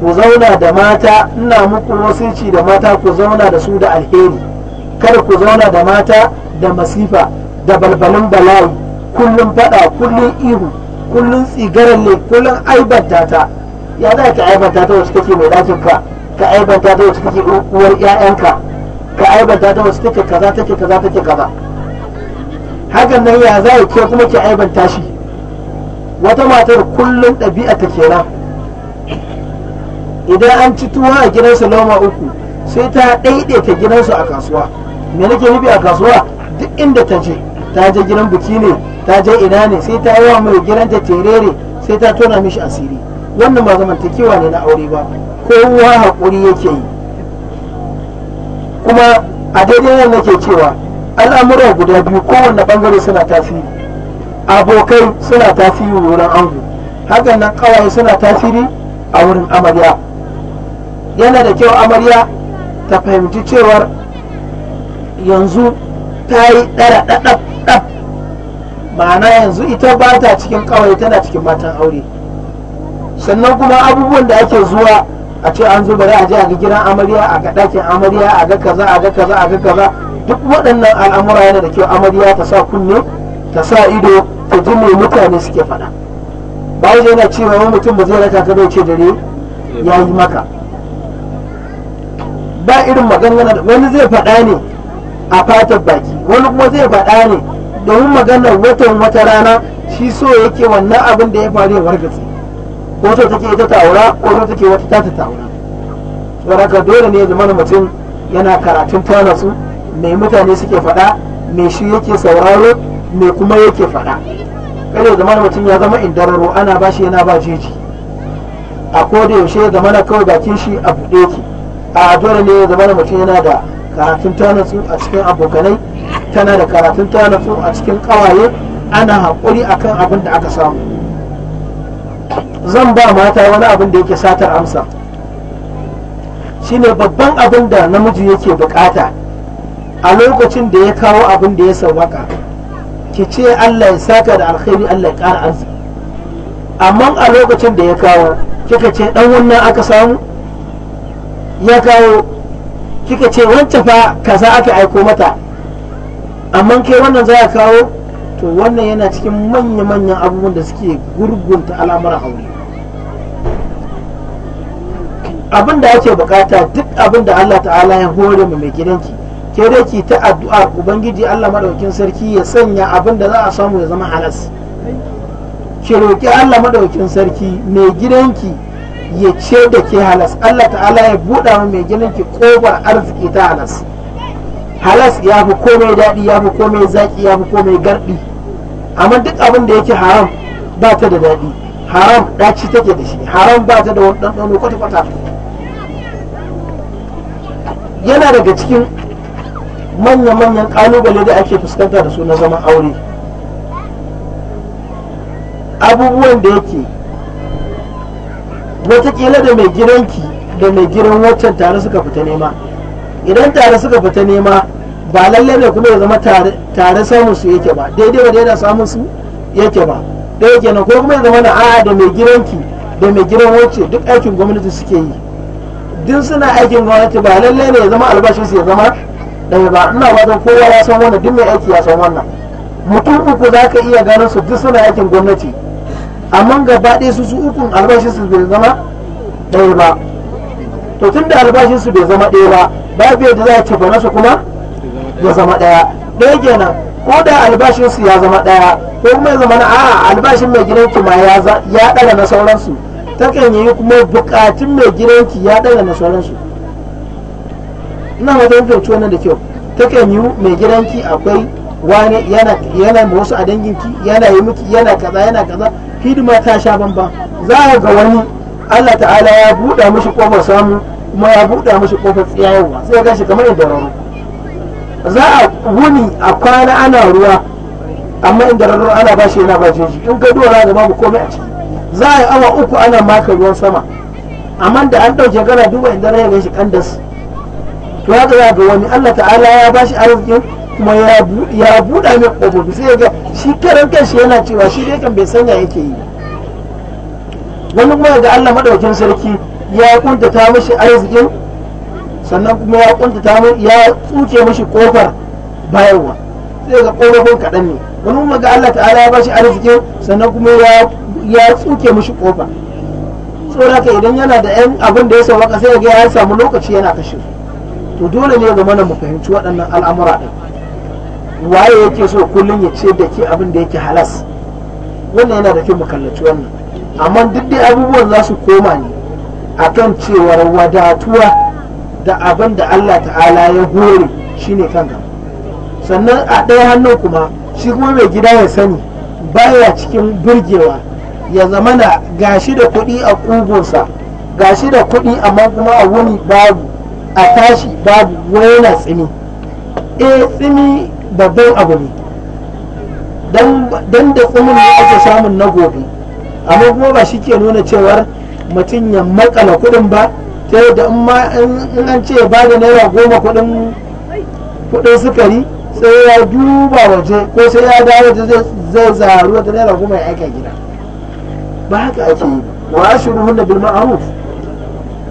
ku zauna da mata ina muku wasinci da mata ku zauna da su da alheri kada ku zauna da mata da masifa da balbalin bala'i kullum fada kullum ihu kullum tsigarar ne kullum aibanta ta ya za ka aibanta ta wasu kake mai ɗakin ka ka aibanta ta wasu kake uwar ƴaƴanka ka aibanta ta wasu kake kaza take kaza take kaza hakan nan ya za ke kuma ke aibanta shi wata matar kullum ɗabi'a ta kenan idan an ci tuwa a gidansa loma uku sai ta ta gidansu a kasuwa me nake nufi a kasuwa duk inda ta je ta je gidan biki ne ta je ina ne sai ta yawa mai gidan ta terere sai ta tona mishi asiri wannan ba zamantakewa ne na aure ba kowa haƙuri yake yi kuma a daidai nan nake cewa al'amura guda biyu kowanne bangare suna tasiri abokai suna tasiri wurin ango hakan nan kawai suna tasiri a wurin amarya yana da kyau amarya ta fahimci cewar yanzu ta yi ɗara ɗaɗaɗaɗ ma'ana yanzu ita ba ta cikin kawai tana cikin matan aure sannan kuma abubuwan da ake zuwa a ce an zuba bari a je a ga gidan amarya a ga ɗakin amarya a ga kaza a ga kaza a ga kaza duk waɗannan al'amura yana da kyau amarya ta sa kunne ta sa ido ta ji mai mutane suke faɗa bayan yana cewa wani mutum ba zai raka ta bai ce dare ya yi maka ba irin magana wani zai faɗa ne a fatar baki wani kuma zai faɗa ne domin maganar watan wata rana shi so yake wannan abin da ya faru ya wargatsi ko so take ita taura ko so take wata ta taura saboda dole ne ya zama mutum yana karatun tana su mai mutane suke faɗa mai shi yake sauraro mai kuma yake faɗa kada zama mutum ya zama indararo ana ba yana ba jeji a koda yaushe ya zama na kawai bakin shi a buɗe ki a dole ne ya zama mutum yana da karatun ta a cikin abokanai tana da karatun ta a cikin kawaye ana haƙuri a kan abin da aka samu zan ba mata wani abin da yake satar amsa shine babban abin da namiji yake bukata a lokacin da ya kawo abin da ya sauwaka ki ce Allah ya saka da alkhairi Allah ya ƙara arziki amma a lokacin da ya kawo kika ce dan wannan aka samu ya kawo kika ce wancan fa kaza aka aiko mata amma kai wannan za kawo to wannan yana cikin manya-manyan abubuwan da suke gurgunta al'amuran aure abin da ake bukata duk abin da Allah ta'ala ya hore mu mai gidanki ke dai ki ta addu'a ubangiji Allah madaukin sarki ya sanya abin da za a samu ya zama halas ki roki Allah madaukin sarki mai gidanki ya ce da ke halas Allah ta'ala ya buɗa mu mai ginin ki kobar arziki ta halas halas ya fi komai daɗi ya fi komai zaƙi ya fi komai garɗi amma duk abin da yake haram ba ta da daɗi haram ɗaci take da shi haram ba ta da wani ɗanɗano kwata-kwata yana daga cikin manya-manyan ƙalubale da ake fuskanta da su na zaman aure abubuwan da yake watakila da mai gidanki da mai gidan waccan tare suka fita nema idan tare suka fita nema ba lalle ne kuma ya zama tare samun su yake ba daidai ba daidai samun su yake ba da yake ko kuma ya zama na a'a da mai gidanki da mai gidan wacce duk aikin gwamnati suke yi duk suna aikin gwamnati ba lalle ne ya zama albashinsu ya zama ɗaya ba ina ba kowa ya san wannan duk mai aiki ya san wannan mutum uku za ka iya ganin su duk suna aikin gwamnati amma gaba ɗaya su su ukun albashinsu bai zama ɗaya ba to tun da albashinsu bai zama ɗaya ba ba babu da za a cefa nasu kuma ya zama ɗaya ɗaya kenan ko da albashinsu ya zama ɗaya ko kuma ya zama na a'a albashin mai gidanki ma ya ɗaga na sauransu ta kan yi kuma buƙatun mai gidanki ya ɗaga na sauransu ina wajen fahimci wannan da kyau ta kan yi mai gidanki akwai wani yana yana wasu a danginki yana yi miki yana kaza yana kaza hidima ta sha bamba za a ga wani Allah ta'ala ya buɗa mashi ƙofar samu kuma ya buɗa mashi ƙofar tsiyayewa sai ga shi kamar yadda raro za a wuni a kwana ana ruwa amma inda raro ana ba shi yana ba shi in gado za ga babu komai a ciki za a yi awa uku ana maka ruwan sama amma da an ɗauke gana duba inda rayuwa shi kandas to haka za ga wani Allah ta'ala ya ba shi arzikin kuma ya buɗa mai ƙofofi sai ga shi karan kanshi yana cewa shi dai kan bai sanya yake yi wani kuma ga Allah madaukin sarki ya ta mashi arzikin sannan kuma ya mashi ya tsuke mashi kofar bayarwa sai ga ƙorafin kaɗan ne wani kuma ga Allah ta'ala ya bashi arzikin sannan kuma ya tsuke mashi kofa tsora ka idan yana da yan abin da ya sauwaka sai ga ya samu lokaci yana kashe to dole ne ga mana mu fahimci waɗannan al'amura ɗin waye yake so kullum ya ce da ke abin da yake halas wannan yana da kyau mukallaci wannan amma duk dai abubuwan za su koma ne akan cewar wadatuwa da abin da Allah ta'ala ya hore shine kan sannan a ɗaya hannun kuma shi kuma mai gida ya sani baya cikin burgewa ya zamana gashi da kuɗi a ƙugunsa gashi da kuɗi amma kuma a wuni babu a tashi babu wani yana tsini eh tsini babban abu ne don da tsimin ya ake samun na gobe amma kuma ba shi ke nuna cewar mutum ya makala kudin ba ta yadda in an ce ba da naira goma kudin kudin sukari sai ya duba waje ko sai ya dawo da zai zaru da naira goma ya aika gida ba haka ake yi wa ashiru hunna bil ma'ruf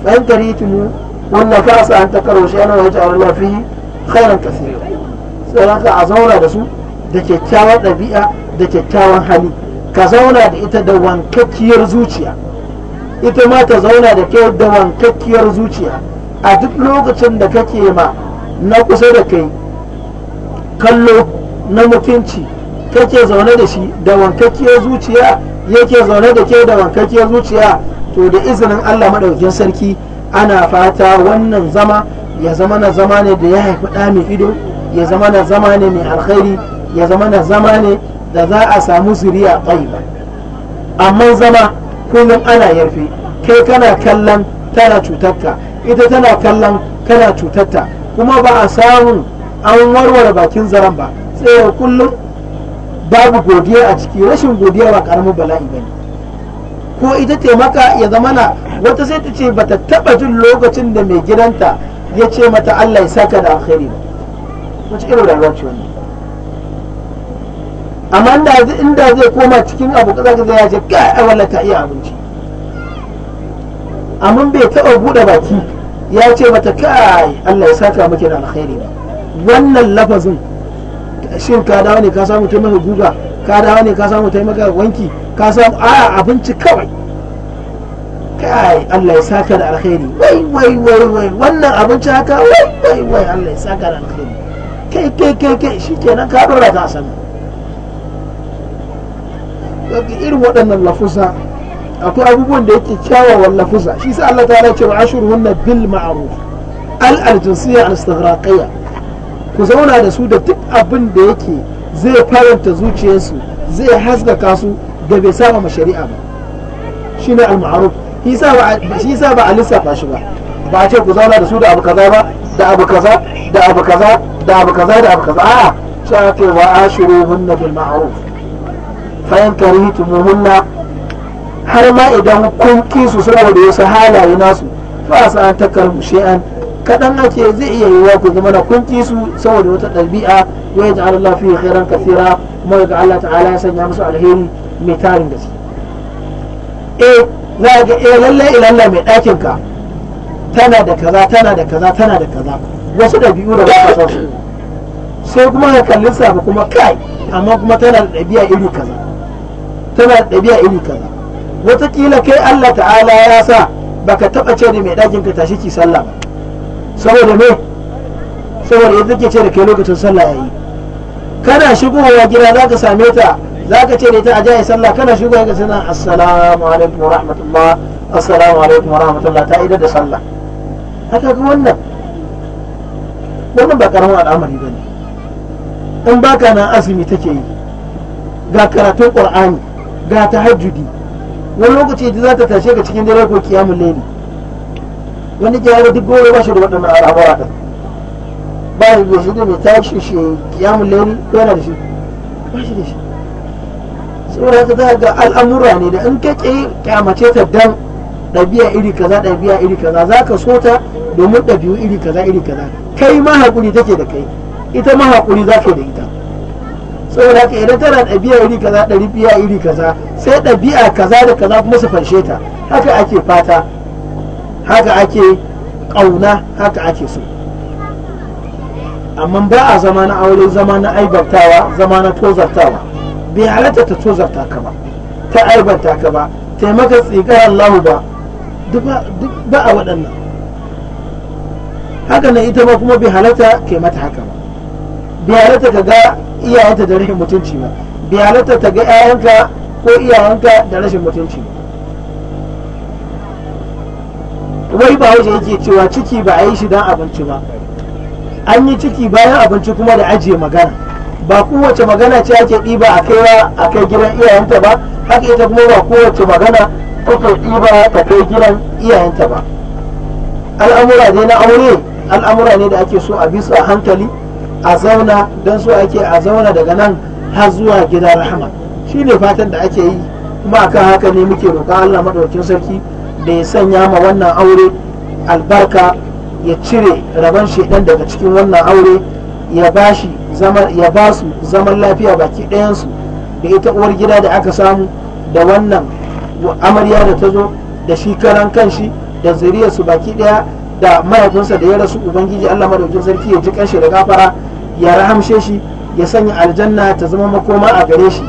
fa tunu wanda wannan kasa an takaro shi ana wata Allah fihi ka kasira tsoron ka a zauna da su da kyakkyawan ɗabi'a da kyakkyawan hali ka zauna da ita da wankakkiyar zuciya ita ma ta zauna da kai da wankakkiyar zuciya a duk lokacin da kake ma na kusa da kai kallo na mutunci kake zaune da shi da wankakkiyar zuciya yake zaune da ke da wankakkiyar zuciya to da izinin Allah maɗaukin sarki ana fata wannan zama ya zama na zama ne da ya haifi ɗa mai ido ya zama na zama ne mai alkhairi ya zama na zama ne da za a samu zuriya ɗaiba amma zama kullum ana yarfe kai kana kallon tana cutarka ita tana kallon kana cutarta kuma ba a samu an warware bakin zaren ba sai kullum babu godiya a ciki rashin godiya ba karamin bala'i ba ko ita taimaka ya zama na wata sai ta ce ba ta taɓa jin lokacin da mai gidanta ya ce mata Allah ya saka da alkhairi wace irin rayuwa ce wannan amma inda inda zai koma cikin abu kaza kaza ya ce kai a wallahi ta iya abinci amma bai taɓa buɗe baki ya ce mata kai Allah ya saka miki da alkhairi wannan lafazin shin ka dawo ne ka samu taimaka guga ka dawo ne ka samu taimaka wanki ka samu a abinci kawai kai Allah ya saka da alkhairi wai wai wai wai wannan abinci haka wai wai wai Allah ya saka da alkhairi kai kai kai kai nan ka dora ta yadda irin waɗannan lafusa akwai abubuwan da yake kyawawan lafusa shi sa Allah ta race wa ashirin wannan bil ma'ruf al aljinsiyya al istighraqiyya ku zauna da su da duk abin da yake zai faranta zuciyarsu zai haskaka su da bai saba ma shari'a ba shine al ma'ruf shi sa ba a lissafa shi ba ba a ce ku zauna da su da abu kaza ba da abu kaza da abu kaza da abu kaza da abu kaza a'a sha ke wa ashiru hunna bil ma'ruf fa in hunna har ma idan kun kisu su saboda wasu halaye nasu fa sa an takar shay'an kaɗan kadan ake zai iya yiwuwa ku zama na kun kisu saboda wata ɗabi'a ya ji Allah fi khairan kasira kuma ga Allah ta'ala ya sanya musu alheri mai tarin gaske eh za ga eh lalle ilalla eh, mai ɗakin ka tana da kaza tana da kaza tana da kaza wasu ɗabi'u da wasu su sai kuma ka kalli ba kuma kai amma kuma tana da ɗabi'a iri kaza tana da ɗabi'a iri kaza wataƙila kai Allah ta'ala ya sa baka taɓa ce da mai ɗakin ka tashi ki sallah ba saboda me saboda yadda ke ce da kai lokacin sallah yayi kana shigowa gida za ka same ta za ka ce da ta a sallah kana shigo ga sanan assalamu alaikum wa rahmatullah assalamu alaikum wa rahmatullah ta idar da sallah haka ga wannan wannan ba karamin al'amari ba ne in baka na azumi take yi ga karatun qur'ani ga tahajjudi wani lokaci da za ta tashe ka cikin dare ko kiyamun laili wani gyara duk gobe ba shi da waɗannan al'amura ɗin ba shi da shi da mai tashi shi kiyamun laili ko yana da shi ba shi da shi saboda haka za ga al'amura ne da in ka kyamace ta dan ɗabi'a iri kaza ɗabi'a iri kaza za ka so ta domin ɗabi'u iri kaza iri kaza kai ma haƙuri take da kai ita ma haƙuri za ka da ita saboda haka idan tana ɗabi'a iri kaza ɗabi'a iri kaza sai ɗabi'a kaza da kaza kuma su fanshe ta haka ake fata haka ake ƙauna haka ake so amma ba a zama na aure zama na aibabtawa zama na tozartawa bai halatta ta tozarta ka ba ta aibanta ka ba ta maka tsigar Allah ba duk ba a waɗannan haka nan ita ba kuma bai halatta ke mata haka ba bai halatta ka ga iyayenta da rashin mutunci ba bai halatta ta ga ka ko iyayenka da rashin mutunci ba wai ba wajen yake cewa ciki ba a yi shi don abinci ba an yi ciki bayan abinci kuma da ajiye magana ba kowace magana ce ake ɗiba a kai a kai gidan iyayenta ba haka ita kuma ba kowace magana kuka ɗiba ta kai gidan iyayenta ba al'amura ne na aure al'amura ne da ake so a bisa hankali a zauna don so ake a zauna daga nan har zuwa gida rahama shi ne fatan da ake yi kuma akan haka ne muke roƙa Allah maɗaukin sarki da ya sanya ma wannan aure albarka ya cire rabon shedan daga cikin wannan aure ya bashi ya ba su zaman lafiya baki ɗayansu da ita uwar gida da aka samu da wannan amarya da ta zo da shi karan kanshi da zariya zuriyarsu baki ɗaya da mahaifinsa da ya rasu ubangiji allah madaukin sarki ya ji kanshi da gafara ya rahamshe shi ya sanya aljanna ta zama makoma a gare shi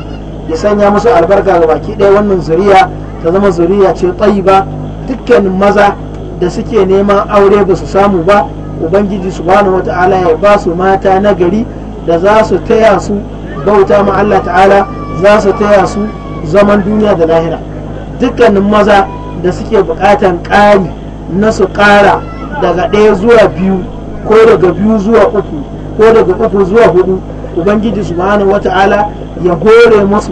ya sanya musu albarka ga baki ɗaya wannan zuriya ta zama zuriya ce ba dukkanin maza da suke neman aure ba su samu ba ubangiji subhanahu wata'ala ya ba su mata nagari. da za su taya su bauta ma Allah ta'ala za su taya su zaman duniya da lahira dukkanin maza da suke bukatan ƙari na su ƙara daga ɗaya zuwa biyu ko daga biyu zuwa uku ko daga uku zuwa hudu ubangiji su subhanahu wata'ala ya hore masu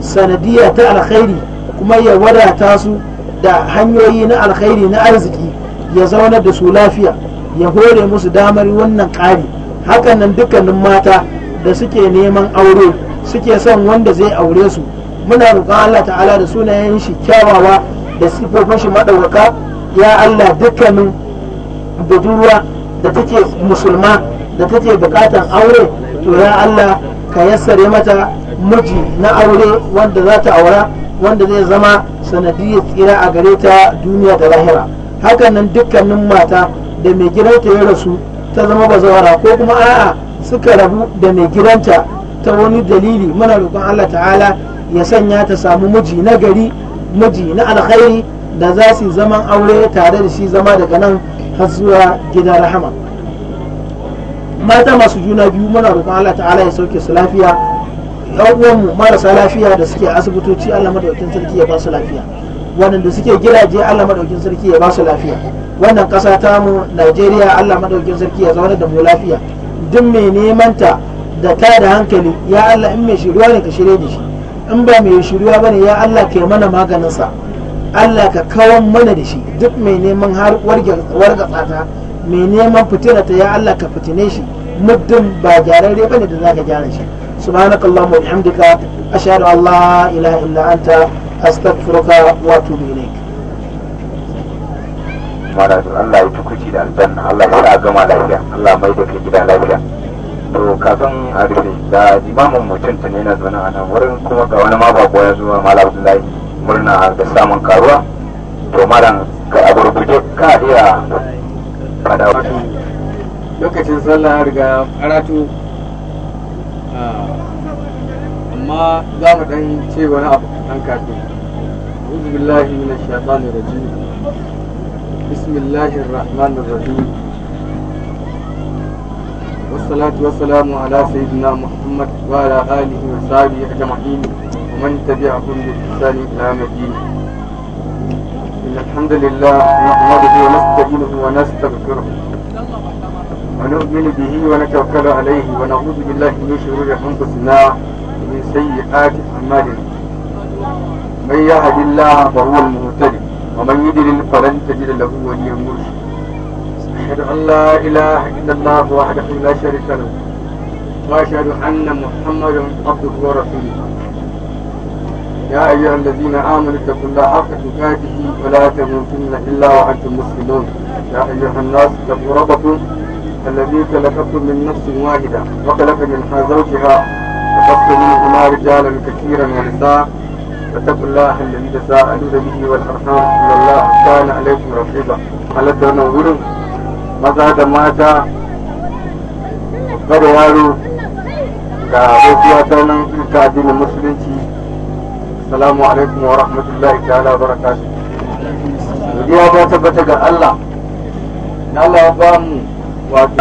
sanadiyya ta alkhairi kuma ya wadata su da hanyoyi na alkhairi na arziki ya zauna da su lafiya ya hore musu damar wannan ƙari hakanan dukkanin mata da suke neman aure suke son wanda zai aure su muna roƙon Allah ta'ala da sunayen shi kyawawa da sifofin shi madawaka ya Allah dukkanin budurwa da take musulma da take bukatan aure to ya Allah ka yassare mata miji na aure wanda za ta aura wanda zai zama sanadiyar tsira a gare ta duniya da lahira hakan nan dukkanin mata da mai gidanta ya rasu ta zama bazawara ko kuma a'a suka rabu da mai gidanta ta wani dalili muna roƙon Allah ta'ala ya sanya ta samu miji na gari miji na alkhairi da za su zaman aure tare da shi zama daga nan har zuwa gida rahama mata masu juna biyu muna roƙon Allah ta'ala ya sauke su lafiya yan uwanmu marasa lafiya da suke asibitoci Allah madaukakin sarki ya ba su lafiya waɗanda suke gidaje Allah madaukin sarki ya ba su lafiya wannan ƙasa ta mu Najeriya Allah madaukin sarki ya zauna da mu lafiya duk mai neman ta da ta da hankali ya Allah in mai shiruwa ne ka shirye da shi in ba mai shiruwa bane ya Allah ka mana maganin sa Allah ka kawan mana da shi duk mai neman har warga tsata mai neman fitina ta ya Allah ka fitine shi muddin ba gyararre bane da zaka gyara shi subhanakallahumma wa bihamdika ashhadu an la ilaha illa anta astaghfiruka wa atubu ilaik mara Allah ya tukuci da aljanna Allah ya sa gama lafiya Allah mai da kai gida lafiya to kafin a rufe da imamin mutum ta ne na zaune nan wurin kuma ga wani ko ya zuwa malam abdullahi murna da samun karuwa to malam ka a gurguje ka iya fada lokacin sallah riga karatu amma za mu dan ce wani abu dan kafin أعوذ بالله من الشيطان الرجيم بسم الله الرحمن الرحيم والصلاة والسلام على سيدنا محمد وعلى آله وصحبه أجمعين ومن تبعهم بإحسان إلى مدين إن الحمد لله نحمده ونستعينه ونستغفره ونؤمن به ونتوكل عليه ونعوذ بالله من شرور أنفسنا من سيئات أعمالنا من يهد الله فهو المهتدي ومن يضلل فلن تجد له وليا مرشدا أشهد أن لا إله إلا الله وحده لا شريك له وأشهد أن محمدا عبده ورسوله يا أيها الذين آمنوا اتقوا الله حق تقاته ولا تموتن إلا وأنتم مسلمون يا أيها الناس اتقوا ربكم الذي خلقكم من نفس واحدة وخلق منها زوجها وبث منهما رجالا كثيرا ونساء واتقوا الله الذي تساءلون به والارحام ان الله كان عليكم رقيبا halatta wannan wurin maza da mata da yaro ga gaisuwa ta nan ta addinin musulunci assalamu alaikum wa rahmatullahi ta'ala barakatuh godiya ta tabbata ga Allah Allah ya